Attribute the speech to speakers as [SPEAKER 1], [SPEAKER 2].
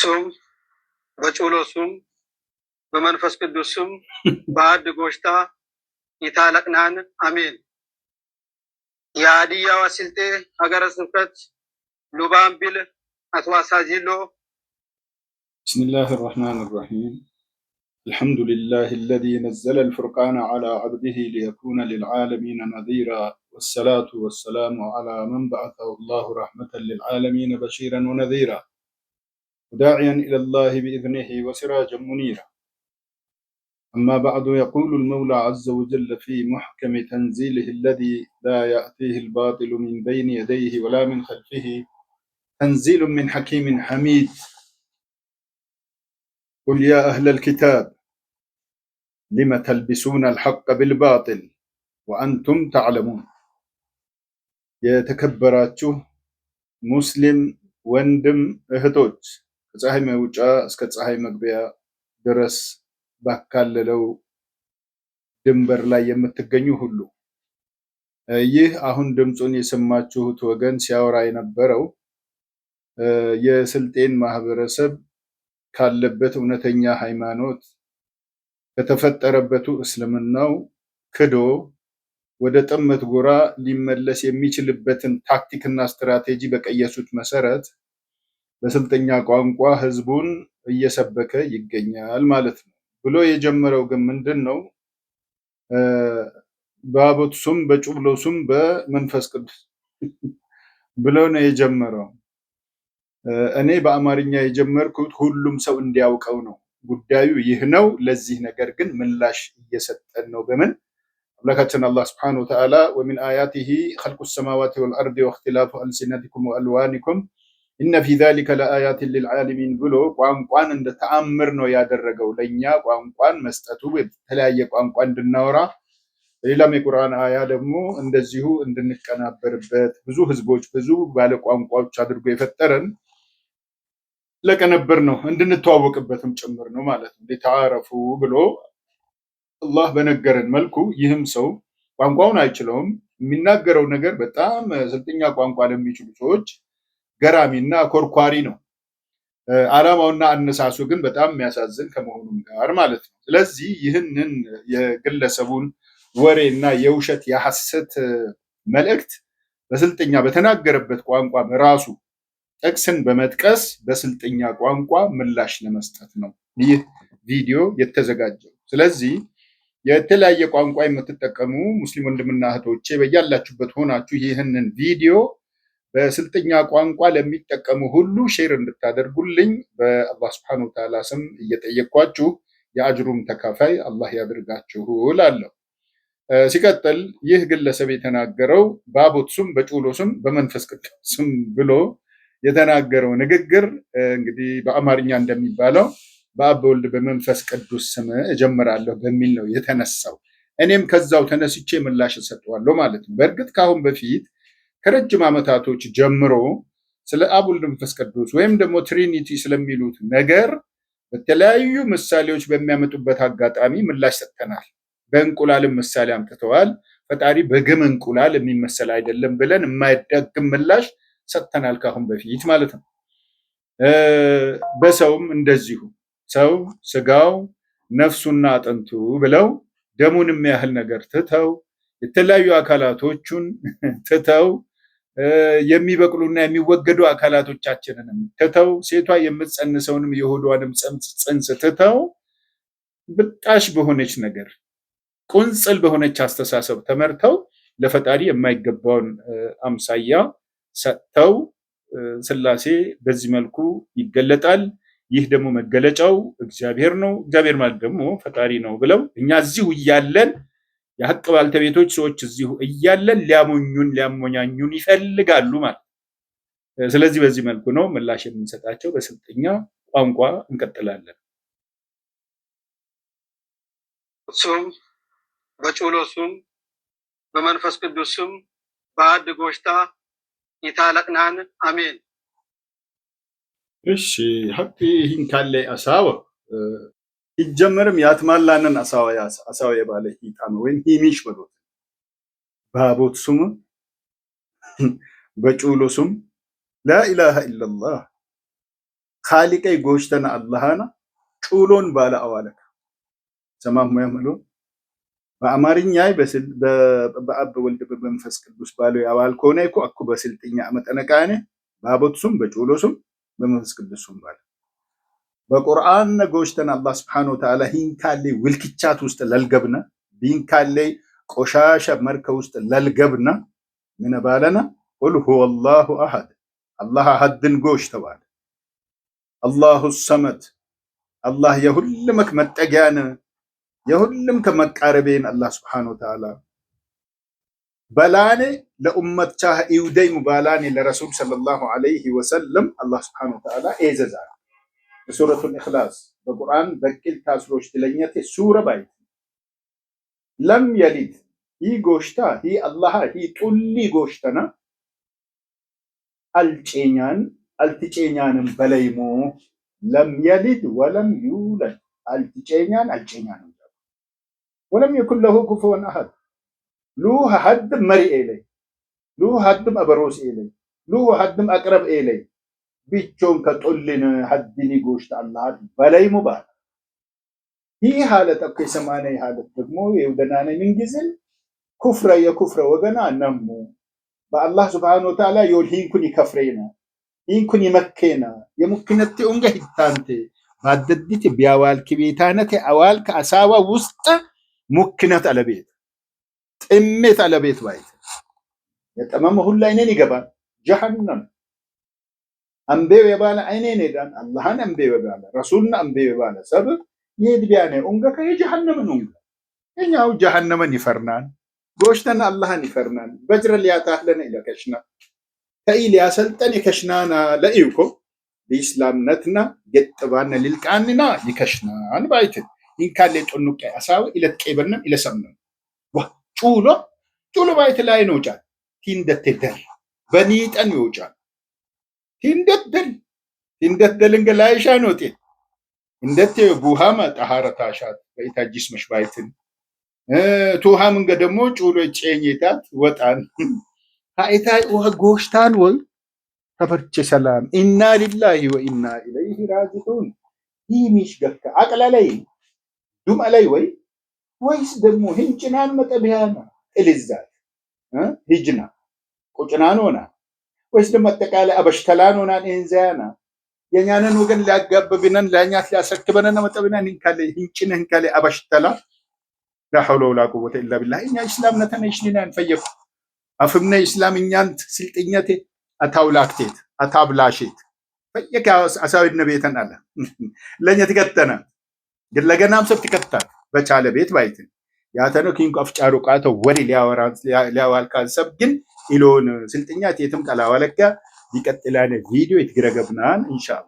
[SPEAKER 1] ስም በጩሎ ስም በመንፈስ ቅዱስ ስም በአድ ጎሽታ ይታለቅናን አሜን። የሀዲያ ዋሲልጤ ሀገረ ስብከት ሉባምቢል አቶ አሳዚሎ
[SPEAKER 2] بسم الله الرحمن الرحيم الحمد لله الذي نزل الفرقان على عبده ليكون للعالمين نذيرا والصلاة والسلام على من بعثه الله رحمة للعالمين بشيرا ونذيرا وداعيا إلى الله بإذنه وسراجا منيرا أما بعد يقول المولى عز وجل في محكم تنزيله الذي لا يأتيه الباطل من بين يديه ولا من خلفه تنزيل من حكيم حميد قل يا أهل الكتاب لم تلبسون الحق بالباطل وأنتم تعلمون የተከበራችሁ مسلم وندم እህቶች ከፀሐይ መውጫ እስከ ፀሐይ መግቢያ ድረስ ባካለለው ድንበር ላይ የምትገኙ ሁሉ ይህ አሁን ድምፁን የሰማችሁት ወገን ሲያወራ የነበረው የስልጤን ማህበረሰብ ካለበት እውነተኛ ሃይማኖት ከተፈጠረበቱ እስልምናው ክዶ ወደ ጥመት ጎራ ሊመለስ የሚችልበትን ታክቲክና ስትራቴጂ በቀየሱት መሰረት በስልጠኛ ቋንቋ ህዝቡን እየሰበከ ይገኛል ማለት ነው ብሎ የጀመረው ግን ምንድን ነው? ሱም በጩብሎ ሱም በመንፈስ ቅዱስ ብሎ ነው የጀመረው። እኔ በአማርኛ የጀመርኩት ሁሉም ሰው እንዲያውቀው ነው። ጉዳዩ ይህ ነው። ለዚህ ነገር ግን ምላሽ እየሰጠን ነው። በምን አምላካችን አላህ ስብሐነሁ ወተዓላ ወሚን አያቲሂ ኸልቁ ሰማዋቲ ወልአርድ ወእኽቲላፉ አልሲነቲኩም ወአልዋኒኩም ኢነ ፊ ዛሊከ ለአያትን ልልዓለሚን ብሎ ቋንቋን እንደ ተአምር ነው ያደረገው ለእኛ ቋንቋን መስጠቱ የተለያየ ቋንቋ እንድናወራ ሌላም የቁርአን አያ ደግሞ እንደዚሁ እንድንቀናበርበት ብዙ ህዝቦች ብዙ ባለ ቋንቋዎች አድርጎ የፈጠረን ለቀነበር ነው እንድንተዋወቅበትም ጭምር ነው ማለት ነው። ሊተዓረፉ ብሎ አላህ በነገረን መልኩ ይህም ሰው ቋንቋውን አይችለውም። የሚናገረው ነገር በጣም ስልጥኛ ቋንቋ ለሚችሉ ሰዎች ገራሚ እና ኮርኳሪ ነው። ዓላማውና አነሳሱ ግን በጣም የሚያሳዝን ከመሆኑም ጋር ማለት ነው። ስለዚህ ይህንን የግለሰቡን ወሬ እና የውሸት የሐሰት መልእክት በስልጠኛ በተናገረበት ቋንቋ በራሱ ጥቅስን በመጥቀስ በስልጠኛ ቋንቋ ምላሽ ለመስጠት ነው ይህ ቪዲዮ የተዘጋጀው። ስለዚህ የተለያየ ቋንቋ የምትጠቀሙ ሙስሊም ወንድምና እህቶቼ በያላችሁበት ሆናችሁ ይህንን ቪዲዮ በስልጠኛ ቋንቋ ለሚጠቀሙ ሁሉ ሼር እንድታደርጉልኝ በአላህ ስብሐነሁ ወተዓላ ስም እየጠየኳችሁ የአጅሩም ተካፋይ አላህ ያድርጋችሁ እላለሁ። ሲቀጥል ይህ ግለሰብ የተናገረው በአቦት ስም በጩሎ ስም በመንፈስ ቅዱስ ስም ብሎ የተናገረው ንግግር እንግዲህ በአማርኛ እንደሚባለው በአብ በወልድ በመንፈስ ቅዱስ ስም እጀምራለሁ በሚል ነው የተነሳው። እኔም ከዛው ተነስቼ ምላሽ እሰጠዋለሁ ማለት ነው። በእርግጥ ከአሁን በፊት ከረጅም ዓመታቶች ጀምሮ ስለ አብ ወልድ መንፈስ ቅዱስ ወይም ደግሞ ትሪኒቲ ስለሚሉት ነገር በተለያዩ ምሳሌዎች በሚያመጡበት አጋጣሚ ምላሽ ሰጥተናል። በእንቁላልም ምሳሌ አምጥተዋል። ፈጣሪ በግም እንቁላል የሚመሰል አይደለም ብለን የማይዳግም ምላሽ ሰጥተናል ካሁን በፊት ማለት ነው። በሰውም እንደዚሁ ሰው ስጋው ነፍሱና አጥንቱ ብለው ደሙንም ያህል ነገር ትተው የተለያዩ አካላቶቹን ትተው የሚበቅሉና የሚወገዱ አካላቶቻችንንም ትተው ሴቷ የምትጸንሰውንም የሆዷንም ጽንስ ትተው ብጣሽ በሆነች ነገር ቁንጽል በሆነች አስተሳሰብ ተመርተው ለፈጣሪ የማይገባውን አምሳያ ሰጥተው ስላሴ በዚህ መልኩ ይገለጣል። ይህ ደግሞ መገለጫው እግዚአብሔር ነው፣ እግዚአብሔር ማለት ደግሞ ፈጣሪ ነው ብለው እኛ እዚሁ እያለን የሀቅ ባልተቤቶች ሰዎች እዚሁ እያለን ሊያሞኙን ሊያሞኛኙን ይፈልጋሉ ማለት ስለዚህ በዚህ መልኩ ነው ምላሽ የምንሰጣቸው። በስልጠኛ ቋንቋ እንቀጥላለን።
[SPEAKER 1] ስም በጭሎ ስም በመንፈስ ቅዱስ ስም በአድ ጎሽታ ይታለቅናን አሜን።
[SPEAKER 2] እሺ ሀቅ ይህን ካለ አሳብ ይጀምርም ያትማላንን አሳው የባለ ሂጣን ወይም ሂሚሽ በሎት በአቦት ሱም በጩሎ ሱም ላኢላሀ ኢለላህ ካሊቀይ ጎሽተና አላሃና ጩሎን ባለ አዋለካ ሰማም ሙያምሎ በአማርኛይ በአብ ወልድ በመንፈስ ቅዱስ ባለ ያዋል ከሆነ እኮ አኩ በስልጥኛ መጠነቃኔ በአቦት ሱም በጩሎ ሱም በመንፈስ ቅዱስ ሱም ባለ በቁርአን ጎሽተን አላ ስብሓን ወተዓላ ሂንካሌ ውልክቻት ውስጥ ለልገብነ ሂንካሌ ቆሻሻ መርከ ውስጥ ለልገብነ ምነ ባለነ ቁል ሁወ አላሁ አላህ አሐድን ጎሽ ተባለ። አላሁ ሰመድ አላህ የሁልመክ መጠጊያን የሁልም ከመቃረቤን አላ ስብሓን ወተዓላ በላኔ ለኡመት ቻህ ኢውደይሙ ባላኔ ለረሱል ሰለላሁ ዐለይሂ ወሰለም አላ ስብሓን ወተዓላ ኤዘዛል በሱረቱል ኢኽላስ በቁርአን በቂልታ ሱሮች ትለኛቴ ሱረ ባይት ለም የሊድ ሂ ጎሽታ ሂ አላሃ ሂ ጡሊ ጎሽተና አልጬኛን አልትጬኛንም በለይሞ ለም የሊድ ወለም ዩለድ አልትጬኛን አልጬኛንም ወለም የኩን ለሁ ኩፉወን አሐድ ሉህ ሀድም መሪኤ ለይ ሉህ ሀድም አበሮስ ኤለይ ሉህ ሀድም አቅረብ ኤለይ bichoon ka xullin ጎሽት አላሃት በላይ ሙባል ይህ ሀለ ጠብከ የሰማነ ሀለት ደግሞ የውደናነ ምንጊዝን ኩፍረ የኩፍረ ወገና ነሙ በአላህ ስብሓን ወተዓላ የወል ሂንኩን ይከፍሬነ ሂንኩን ይመኬነ የሙክነቴ ኡንገ ሂታንቴ ባደዲት ቢያዋልክ ቤታነቴ አዋልክ አሳባ ውስጥ ሙክነት አለቤት ጥሜት አለቤት ባይት የጠመመ ሁላይነን ይገባል ጀሃነም ಅಂಬೇವ್ ಎಬಾಲ ಐನೇನೆ ಅಲ್ಲಾಹನ್ ಅಂಬೇವ್ ಎಬಾಲ ರಸೂಲ್ನ ಅಂಬೇವ್ ಎಬಾಲ ಸಬ್ ಏದ್ಬ್ಯಾನೆ ಉಂಗಕ ಏ ಜಹನ್ನಮನ್ ಉಂಗ ಏನ್ಯಾವು ಜಹನ್ನಮನ್ ಇಫರ್ನಾನ್ ಗೋಶ್ತನ ಅಲ್ಲಾಹನ್ ಇಫರ್ನಾನ್ ಬಜ್ರಲ್ಲಿ ಯಾತಾಹ್ಲನ ಇಲ್ಲ ಕಶ್ನ ከኢል ያሰልጠን የከሽናና ለኢዩኮ ሊስላምነትና የጥባነ ሊልቃንና ይከሽናን ባይትን ይንካሌ ጦኑቀ አሳው ኢለት ቀይበንም ኢለሰምንም ዋ ጩሎ ጩሎ ባይት ላይ ነው ጫል ቲንደቴደር በኒጠን ይውጫል hindettel hindettelin gala ishaan hote hindette buhama xahara shaat በኢታጂስ መሽባይትን ቱሃ ምንገ ደግሞ ጩሎ ጨኝታት ወጣን ሀኢታይ ውሃ ጎሽታን ወይ ተፈርቼ ሰላም ኢና ሊላሂ ወኢና ኢለይሂ ራጂዑን ይሚሽ ገካ አቅላ ላይ ዱመ ላይ ወይ ወይስ ደግሞ ህንጭናን መጠቢያና ጥልዛት ሂጅና ቁጭናን ሆና ወይስ ደግሞ አጠቃላይ አበሽተላ ሆናን እንዘያና የኛንን ወገን ሊያጋብብነን ለኛት ሊያሰክበነን መጠብና ንካለ ህንጭነ ንካለ አበሽተላ ላሐውለ ሐውለ ወላ ቁወተ ኢላ ቢላህ እኛ እስላም ነተነ ይሽሊናን ፈየኩ አፍምነ እስላም እኛንት ስልጥኘቴ አታውላክቴት አታብላሽት ፈየካ አሳዊድ ነቤተን አለ ለእኛ ትከተነ ግለገናም ሰብ ትከታ በቻለ ቤት ባይትን ያተነ ኪንቆ አፍጫሩ ቃተው ወሪ ሊያወራ ሊያዋልካን ሰብ ግን ኢሎን ስልጥኛ ቴትም ቀላ ወለጋ ይቀጥላል ቪዲዮ ይትግረገብናን ኢንሻአላ